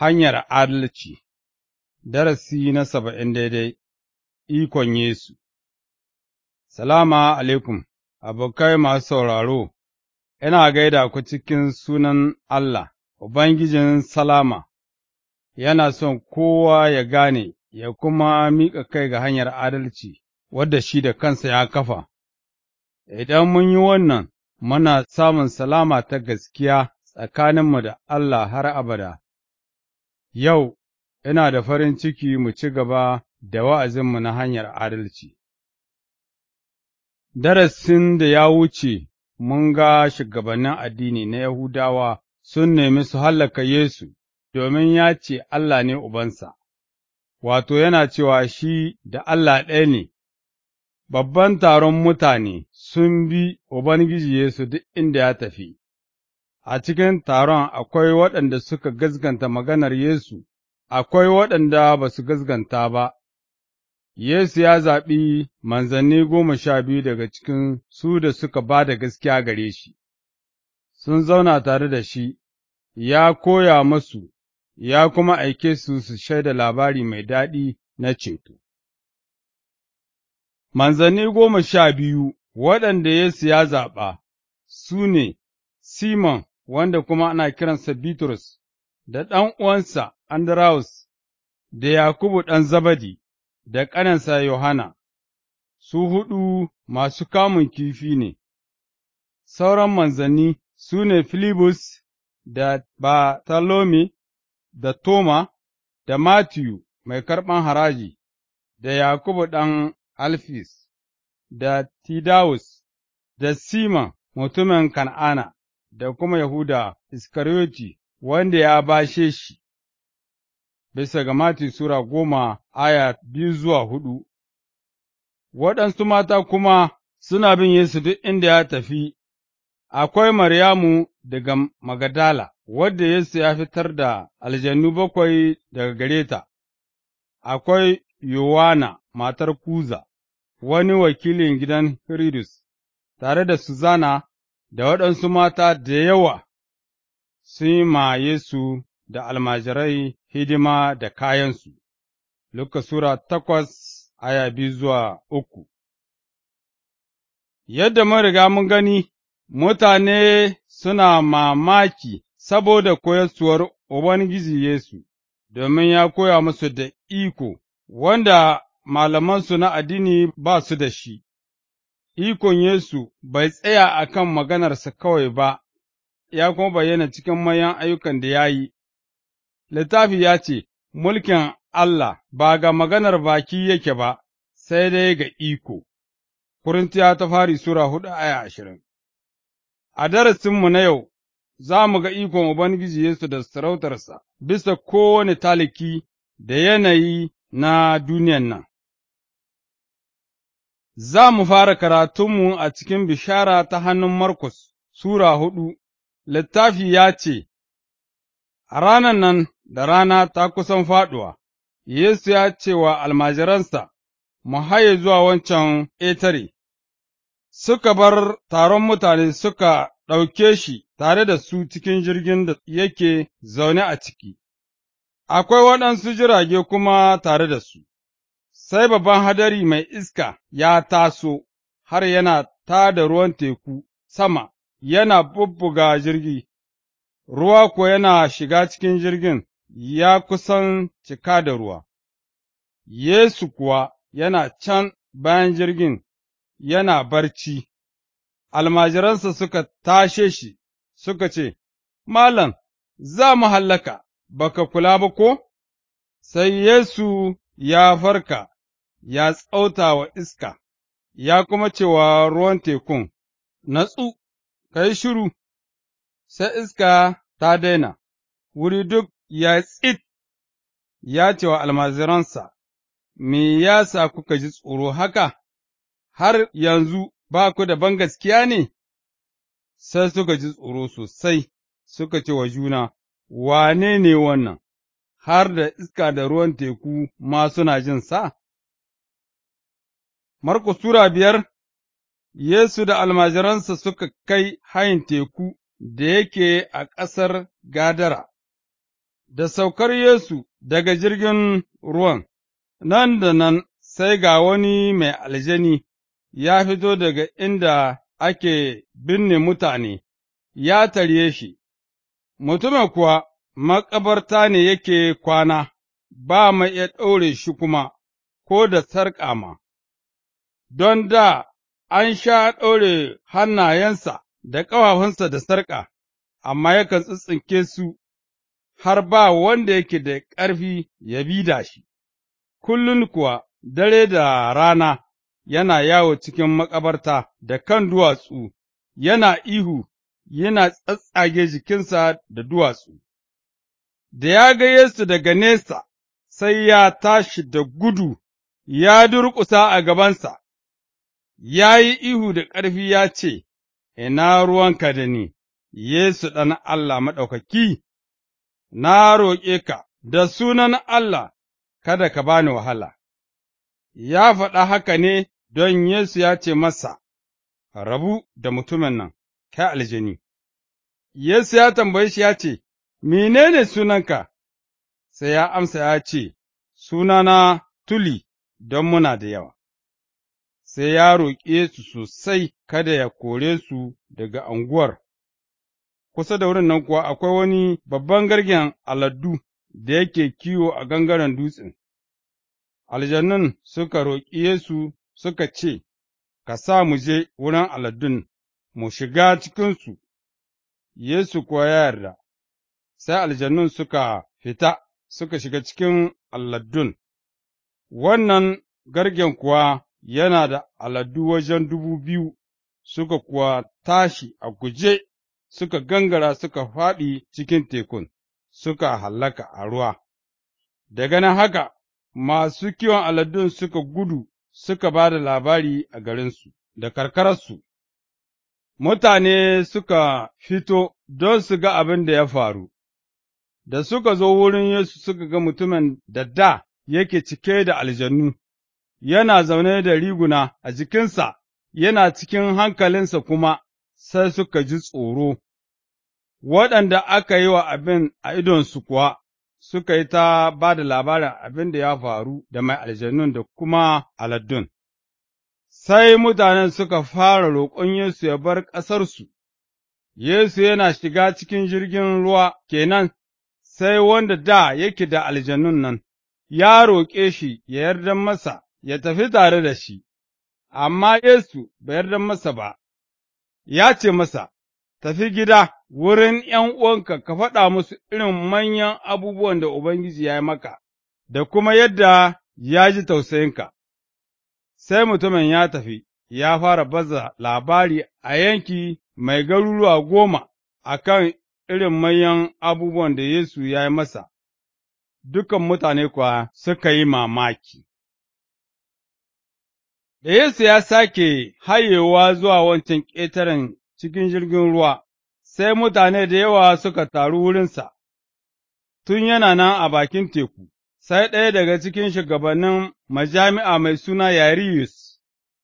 Hanyar adalci Darasi na saba'in daidai Ikon Yesu Salama alaikum, abokai masu sauraro, ina gaida ku cikin sunan Allah, Ubangijin Salama, yana son kowa ya gane ya kuma miƙa kai ga hanyar adalci wadda shi da kansa ya kafa. Idan mun yi wannan, muna samun salama ta gaskiya tsakaninmu da Allah har abada. Yau, ina da farin ciki mu ci gaba da wa'azinmu na hanyar adalci. Darasin da ya wuce, mun ga shugabannin addini na Yahudawa sun nemi su hallaka Yesu domin ya ce Allah ne Ubansa, wato, yana cewa shi da Allah ɗaya ne, babban taron mutane sun bi Ubangiji Yesu duk inda ya tafi. A cikin taron akwai waɗanda suka gazganta maganar Yesu, akwai waɗanda ba su gazganta ba, Yesu ya zaɓi manzanni goma sha biyu daga cikin su da suka ba da gaskiya gare shi, sun zauna tare da shi, ya koya masu, ya kuma aike su su shaida labari mai daɗi na ceto. Manzanni goma sha biyu waɗanda Yesu ya zaɓa su ne Simon wanda kuma ana kiransa Bitrus, da ɗan uwansa andraus da Yakubu ɗan Zabadi, da ƙaninsa Yohana, su huɗu masu kamun kifi ne, sauran manzanni su ne Filibus da Bartolome da Toma da Matiyu mai karɓan haraji, da Yakubu ɗan Alfis, da Tidawus, da Sima mutumin Kan'ana. da kuma Yahuda Iskariyoti wanda ya bashe shi, bisa ga Mati Sura goma aya biyu zuwa hudu. Waɗansu mata kuma suna bin Yesu duk inda ya tafi, akwai Maryamu daga Magadala, wadda Yesu ya fitar da aljannu bakwai daga gare ta, akwai Yohana matar Kuza, wani wakilin gidan Hiridus, tare da Suzana da waɗansu mata da yawa sun yi maye su da almajirai hidima da kayansu. Luka Sura takwas aya bi zuwa uku Yadda mun riga mun gani, mutane suna mamaki saboda koyarsuwar Ubangiji Yesu, domin ya koya musu da iko, wanda malamansu na addini ba su da shi. ikon Yesu bai tsaya a kan maganarsa kawai ba, ya kuma bayyana cikin manyan ayyukan da ya yi. Littafi ya ce, Mulkin Allah ba ga maganar baki yake ba, sai dai ga iko. Kurintiya ta fari Sura hudu aya ashirin A darasinmu na yau, za mu ga ikon Ubangiji Yesu da sarautarsa bisa kowane taliki da yanayi na duniyan nan. Za mu fara karatunmu a cikin bishara ta hannun Markus, Sura hudu, littafi ya ce, A ranan nan da rana ta kusan faɗuwa, Yesu ya ce wa almajiransa, Mu haye zuwa wancan etare suka bar taron mutane suka ɗauke shi tare da su cikin jirgin da yake zaune a ciki, akwai waɗansu jirage kuma tare da su. sai babban hadari mai iska ya taso, har yana tā da ruwan teku sama, yana bubbuga jirgi, ruwa kuwa yana shiga cikin jirgin ya kusan cika da ruwa. Yesu kuwa yana can bayan jirgin yana barci, almajiransa suka tashe shi suka ce, Malam, za mu hallaka, baka kula ba ko? Sai Yesu ya farka ya tsauta wa iska, ya kuma cewa ruwan tekun, Natsu, ka yi shiru, sai iska ta daina, wuri duk ya tsit, ya ce wa almaziransa, Me ya sa kuka ji tsoro haka, har yanzu ba ku da gaskiya ne? Sai suka ji tsoro sosai, suka ce wa juna, Wane ne wannan, har da iska da ruwan teku ma suna jin sa? Marko Sura biyar Yesu da almajiransa suka kai hayin teku da yake a ƙasar Gadara, da saukar Yesu daga jirgin ruwan, nan da nan sai ga wani mai aljani ya fito daga inda ake binne mutane, ya tarye shi, mutumin kuwa makabarta ne yake kwana, ba mai iya ɗaure shi kuma, ko da sarƙa ma. don da an sha ɗore hannayensa da ƙafafunsa da sarƙa, amma yakan tsintsinke su har ba wanda yake da ƙarfi ya bi da shi, kullum kuwa dare da rana yana yawo cikin makabarta da kan duwatsu, yana ihu, yana tsatsage jikinsa da duwatsu. Da ya ga Yesu daga nesa, sai ya tashi da gudu, ya durƙusa a gabansa, ya yi ihu da ƙarfi ya ce, Ina ruwanka da ni, Yesu ɗan Allah maɗaukaki, na roƙe ka da sunan Allah, kada ka bani wahala. Ya faɗa haka ne don Yesu ya ce masa, Rabu da mutumin nan, kai aljini. Yesu ya tambaye shi ya ce, Menene sunanka? Sai ya amsa ya ce, Sunana Tuli, don muna da yawa. sai ya roƙe su sosai kada ya kore su daga anguwar. Kusa da wurin nan kuwa akwai wani babban gargen aladu da yake kiwo a gangaren dutsen. Aljanun suka roƙi Yesu suka ce, Ka sa mu je wurin aladun, mu shiga cikinsu, Yesu kuwa ya yarda, sai aljannun suka fita suka shiga cikin aladun, wannan gargen kuwa yana da aladu wajen dubu biyu, suka kuwa tashi a guje, suka gangara suka faɗi cikin tekun, suka hallaka a ruwa. Daga nan haka, masu kiwon aladun suka gudu suka ba da labari a garinsu da karkararsu, mutane suka fito don su ga abin da ya faru, da suka zo wurin Yesu suka ga mutumin da da yake cike da aljannu yana zaune da riguna a jikinsa, yana cikin hankalinsa kuma sai suka ji tsoro. Waɗanda aka yi wa abin a idonsu kuwa suka yi ta ba da labarin abin da ya faru da mai aljanun da kuma aladdun. Sai mutanen suka fara roƙon Yesu ya bar ƙasarsu, Yesu yana shiga cikin jirgin ruwa kenan, sai wanda da yake da aljanun nan, ya roƙe shi ya yarda masa ya tafi tare da shi, amma Yesu bai yarda masa ba, ya ce masa, Tafi gida wurin ’yan uwanka ka faɗa musu irin manyan abubuwan da Ubangiji ya yi maka, da kuma yadda ya ji tausayinka. Sai mutumin ya tafi, ya fara baza labari a yanki mai garuruwa goma a kan irin manyan abubuwan da Yesu ya yi masa, dukan mutane kuwa suka yi mamaki. Da Yesu ya sake hayewa zuwa wancan ƙetaren cikin jirgin ruwa, sai mutane da yawa suka taru wurinsa, tun yana nan a bakin teku, sai ɗaya daga cikin shugabannin majami'a mai suna Yariyus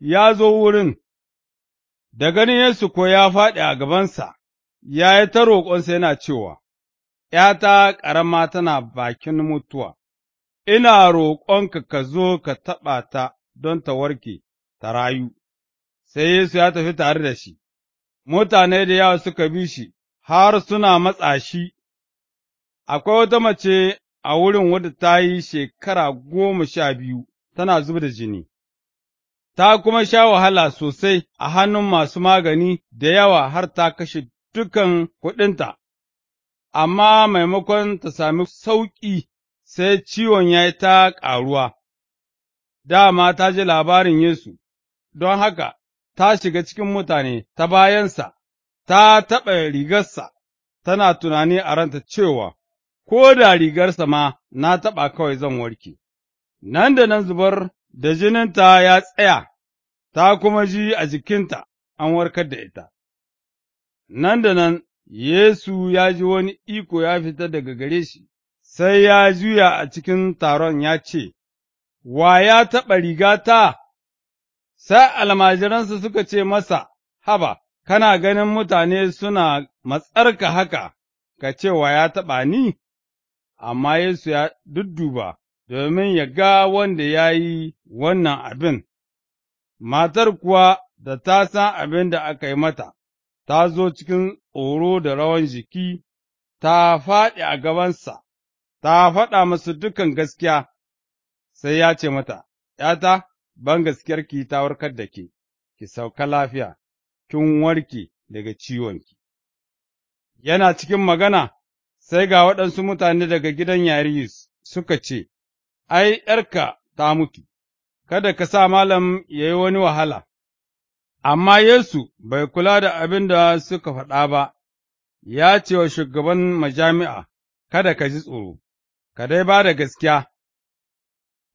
ya zo wurin, da ganin Yesu ko ya faɗi a gabansa, ya yi ta roƙonsa yana cewa, ’yata ƙarama tana bakin mutuwa, ina roƙonka ka zo ka taɓa ta. don ta warke, ta rayu, sai Yesu ya tafi tare da shi, mutane da yawa suka bi shi har suna matsa shi, akwai wata mace a wurin wadda ta yi shekara goma sha biyu tana zub da jini, ta kuma sha wahala sosai a hannun masu magani da yawa har ta kashe dukan kuɗinta, amma maimakon ta sami sauƙi sai ciwon ya yi ta ƙaruwa. dama ta ji labarin Yesu, don haka ta shiga cikin mutane ta bayansa, ta taɓa rigarsa, tana tunani a ranta cewa, Ko da rigarsa ma na taɓa kawai zan warke, nan da nan zubar da jininta ya tsaya, ta kuma ji a jikinta an warkar da ita. Nan da nan Yesu ya ji wani iko ya fita daga gare shi, sai ya juya a cikin taron ya ce, Wa ya taɓa rigata? Sai almajiransa suka ce masa, Haba, kana ganin mutane suna matsarka haka, ka ce wa ya taɓa ni? Amma Yesu ya dudduba domin ya ga wanda ya yi wannan abin, matar kuwa da ta san abin da aka yi mata, ta zo cikin tsoro da rawan jiki, ta faɗi a gabansa, ta faɗa masu dukan gaskiya. sai ya ce mata, ’yata, ki ta warkar da ke, ki sauka lafiya, kin warke daga ciwonki. Yana cikin magana, sai ga waɗansu mutane daga gidan yari suka ce, Ai, ’yarka ta mutu, kada ka sa malam ya yi wani wahala, amma Yesu bai kula da abin da suka faɗa ba, ya ce wa shugaban majami'a, Kada ka ji tsoro, ka dai ba da gaskiya.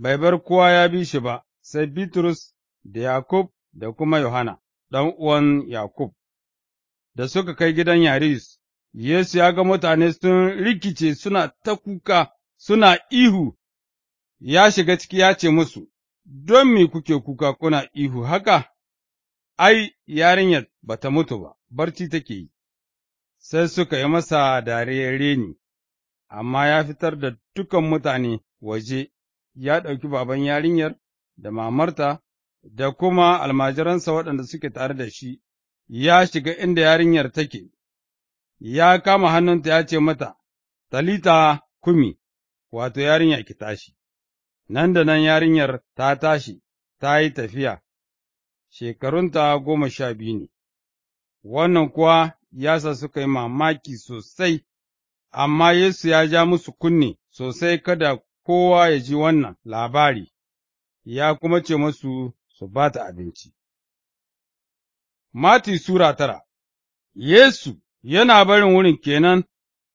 bai bar kowa ya bi shi ba, sai Bitrus da Yakub da kuma Yohana, ɗan uwan Yakub. Da suka kai gidan Yaris, Yesu ya ga mutane sun rikice suna ta kuka, suna ihu, ya shiga ciki ya ce musu, Don me kuke kuka kuna ihu haka? Ai, yarinyar ba ta mutu ba, barci take yi, sai suka yi masa dariyar reni, amma ya fitar da dukan mutane waje ya ɗauki baban yarinyar da mamarta da kuma almajiransa waɗanda suke tare da shi, ya shiga inda yarinyar take, ya kama hannunta ya ce mata, Talita kumi, wato yarinya ki tashi, nan da nan yarinyar ta tashi, ta yi tafiya, shekarunta goma sha biyu ne, wannan kuwa ya sa suka yi mamaki sosai, amma Yesu ya ja musu kunne sosai kada kowa ya ji wannan labari, ya kuma ce masu su ba ta abinci. Mati Sura tara Yesu yana barin wurin kenan,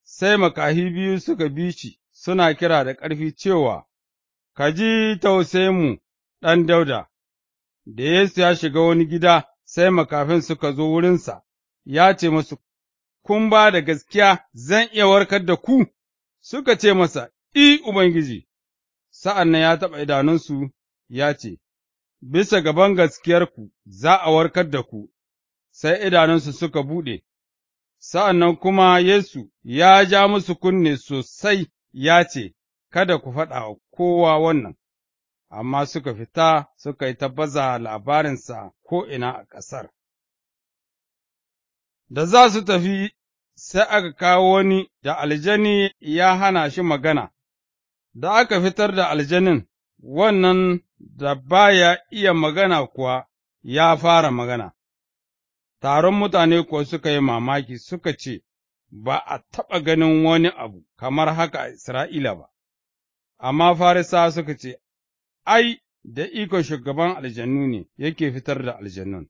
sai makahi biyu suka bi shi suna kira da ƙarfi cewa, Ka ji mu ɗan dauda, da Yesu ya shiga wani gida, sai makafin suka zo wurinsa, ya ce masu, Kun ba da gaskiya zan iya warkar da ku, suka ce masa, I, Ubangiji, sa'an nan ya taɓa idanunsu ya ce, Bisa gaban gaskiyarku za a warkar da ku, sai idanunsu suka buɗe, sa'an nan kuma Yesu ya ja musu kunne sosai ya ce, Kada ku faɗa wa kowa wannan, amma suka fita suka yi tabbaza labarinsa ko'ina a ƙasar. Da za su tafi, sai aka kawo wani da aljani ya hana shi magana. da aka fitar da aljanin, wannan da baya iya magana kuwa ya fara magana. Taron mutane kuwa suka yi mamaki suka ce, Ba a taɓa ganin wani abu kamar haka a Isra'ila ba, amma Farisa suka ce, Ai, da iko shugaban aljannu ne yake fitar da aljannun.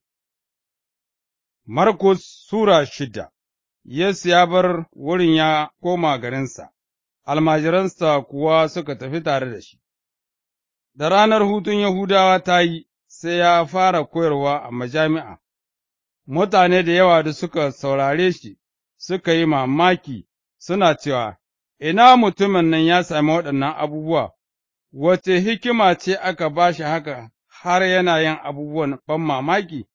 Markus Sura shida Yesu ya bar wurin ya koma garinsa, almajiransa kuwa suka tafi tare da shi. Da ranar hutun Yahudawa ta yi, sai ya fara koyarwa a majami'a, mutane da yawa da suka saurare shi suka yi mamaki suna cewa, Ina mutumin nan ya sami waɗannan abubuwa, wace hikima ce aka ba shi haka har yana yin abubuwan ban mamaki?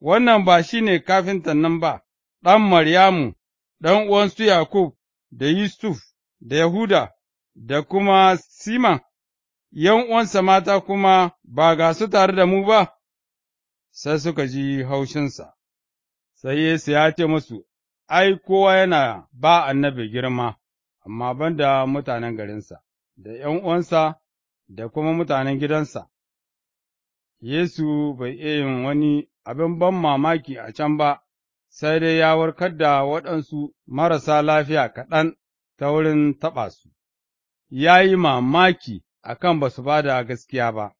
Wannan ba shi ne kafintan nan ba, ɗan Maryamu, ɗan uwansu Yakub da Yusuf da Yahuda da kuma Siman, uwansa mata kuma ba ga su tare da mu ba, sai suka ji haushinsa, sai Yesu ya ce musu, Ai, kowa yana ba annabi girma, amma ban da mutanen garinsa, da 'yan uwansa da kuma mutanen gidansa. Yesu bai iya yin wani abin ban mamaki a can ba, sai dai ya warkar da waɗansu marasa lafiya kaɗan ta wurin taɓa su, ya yi mamaki a kan ba su ba da gaskiya ba.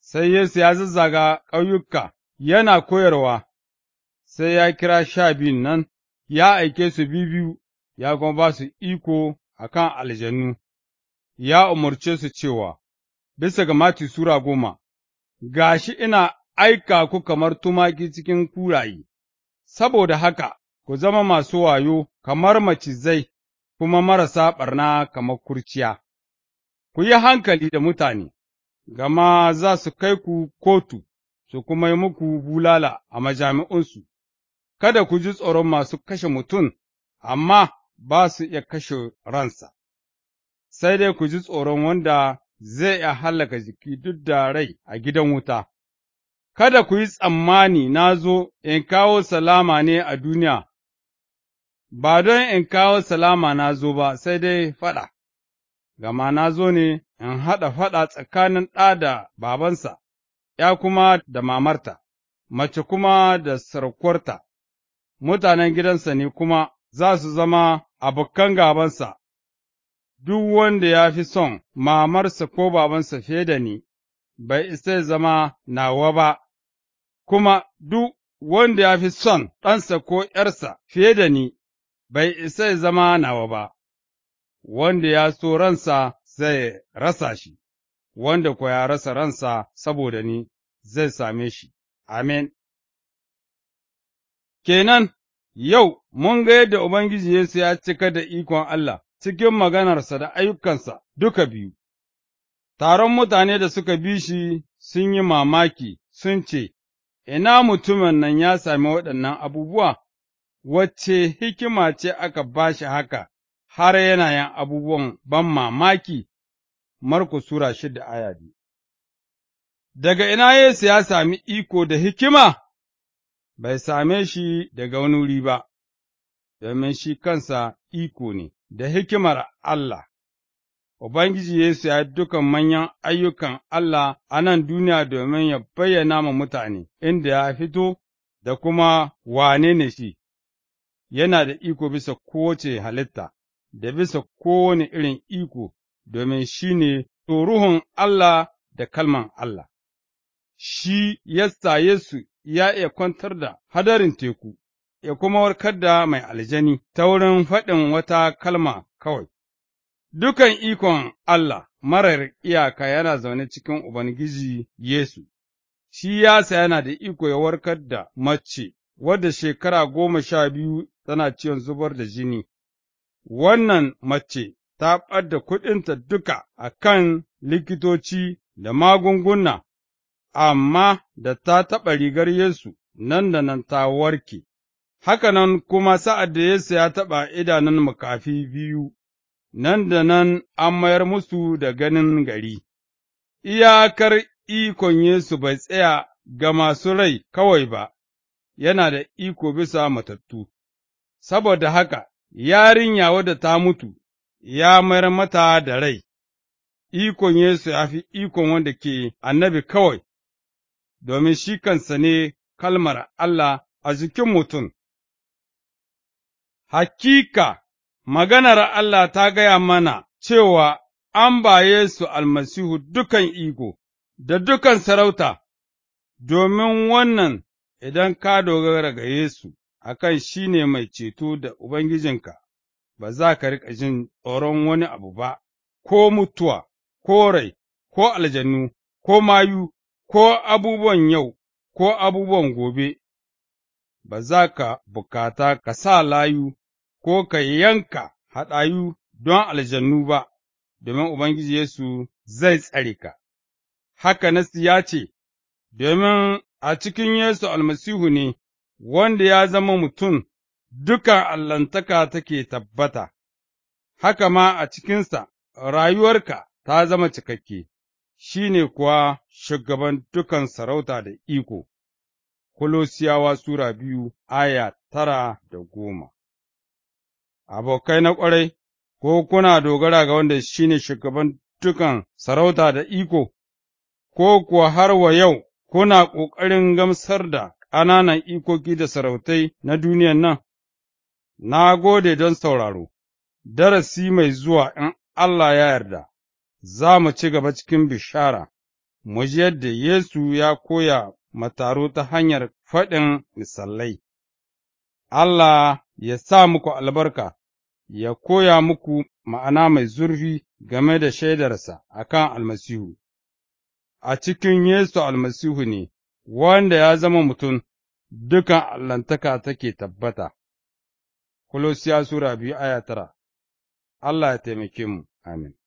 Sai Yesu ya zazzaga ƙauyuka yana koyarwa, sai ya kira sha biyun nan, ya aike su biyu ya kuma ba su iko a kan aljanu, ya umarce su cewa, bisa ga Mati Sura goma, gashi ina aika ku kamar tumaki cikin kuraye, saboda haka ku zama masu wayo kamar macizai, kuma marasa ɓarna kamar kurciya, ku yi hankali da mutane, gama za su kai ku kotu, su kuma yi muku bulala a majami'unsu, kada ku ji tsoron masu kashe mutum, amma ba su iya kashe ransa, sai dai ku ji tsoron wanda zai iya hallaka jiki duk da rai a gidan wuta. Kada ku yi tsammani na zo in kawo salama ne a duniya ba don in kawo salama na zo ba, sai dai faɗa, gama na zo ne in haɗa faɗa tsakanin ɗa da babansa, ya kuma da mamarta, mace kuma da sarkwarta, mutanen gidansa ne kuma za su zama abokan gabansa, duk wanda ya fi son mamarsa ko babansa fiye da ni, bai isa zama nawa ba, kuma duk wanda ya fi son ɗansa ko ’yarsa fiye da ni, bai isa zama nawa ba, wanda ya so ransa zai rasa shi, wanda ko ya rasa ransa saboda ni zai same shi, amen. Kenan, yau mun ga yadda Ubangiji Yesu ya cika da ikon Allah cikin maganarsa da ayyukansa duka biyu, taron mutane da suka bi shi sun yi mamaki sun ce, Ina mutumin nan ya sami waɗannan abubuwa? wacce hikima ce aka ba shi haka har yana yin abubuwan ban mamaki, Marko Sura shida aya biyu. Daga ina Yesu ya sami iko da hikima, bai same shi daga wani wuri ba, domin shi kansa iko ne da hikimar Allah. Ubangiji Yesu ya dukan manyan ayyukan Allah a nan duniya domin ya bayyana ma mutane inda ya fito da kuma wane ne shi, yana da iko bisa kowace halitta, da bisa kowane irin iko, domin shi ne ruhun Allah da kalman Allah. Shi ya saye Yesu ya iya kwantar da hadarin teku, ya kuma warkar da mai aljani ta wurin faɗin wata kalma kawai. Dukan ikon Allah marar iyaka yana zaune cikin Ubangiji Yesu, shi yasa yana da iko ya warkar da mace wadda shekara goma sha biyu tana ciwon zubar da jini, wannan mace ta ɓadda kuɗinta duka a kan likitoci da magunguna, amma da ta taɓa rigar Yesu nan da nan ta warke, hakanan kuma sa'ad da Yesu ya taɓa idanun makafi biyu, nan da nan an mayar musu da ganin gari. Iyakar ikon Yesu bai tsaya ga masu rai kawai ba, yana da iko bisa matattu, saboda haka yarinya wadda ta mutu ya mayar mata da rai, ikon Yesu ya fi ikon wanda ke annabi kawai, domin shi kansa ne kalmar Allah a jikin mutum. Hakika, maganar Allah ta gaya mana cewa an ba Yesu almasihu dukan iko da dukan sarauta, domin wannan idan ka dogara ga Yesu a kan shi ne mai ceto da Ubangijinka, ba za ka riƙa jin tsoron wani abu ba, ko mutuwa, ko rai, ko aljannu, ko mayu, ko abubuwan yau, ko abubuwan gobe, ba za ka bukata ka sa layu ko ka yanka haɗayu don aljannu ba, domin Ubangiji Yesu zai tsare ka. Haka Nasi ya ce, Domin a cikin Yesu almasihu ne, wanda ya zama mutum, dukan allantaka take tabbata, haka ma a cikinsa rayuwarka ta zama cikakke, shi ne kuwa shugaban dukan sarauta da iko. Kolosiyawa Sura biyu aya tara da goma Abokai na ƙwarai, ko kuna dogara ga wanda shi ne shugaban dukan sarauta da iko, ko kuwa har wa yau kuna ƙoƙarin gamsar da ƙananan ikoki da sarautai na duniyan nan? Na gode don sauraro, darasi mai zuwa in Allah ya yarda, za mu ci gaba cikin bishara, mu ji yadda Yesu ya koya mataro ta hanyar faɗin misalai. Allah ya sa muku albarka, ya koya muku ma'ana mai zurfi game da shaidarsa a kan almasihu. a cikin Yesu almasihu ne, wanda ya zama mutum, dukan allantaka take tabbata. Kulosiya Sura biyu aya tara, Allah ya taimake mu, amin.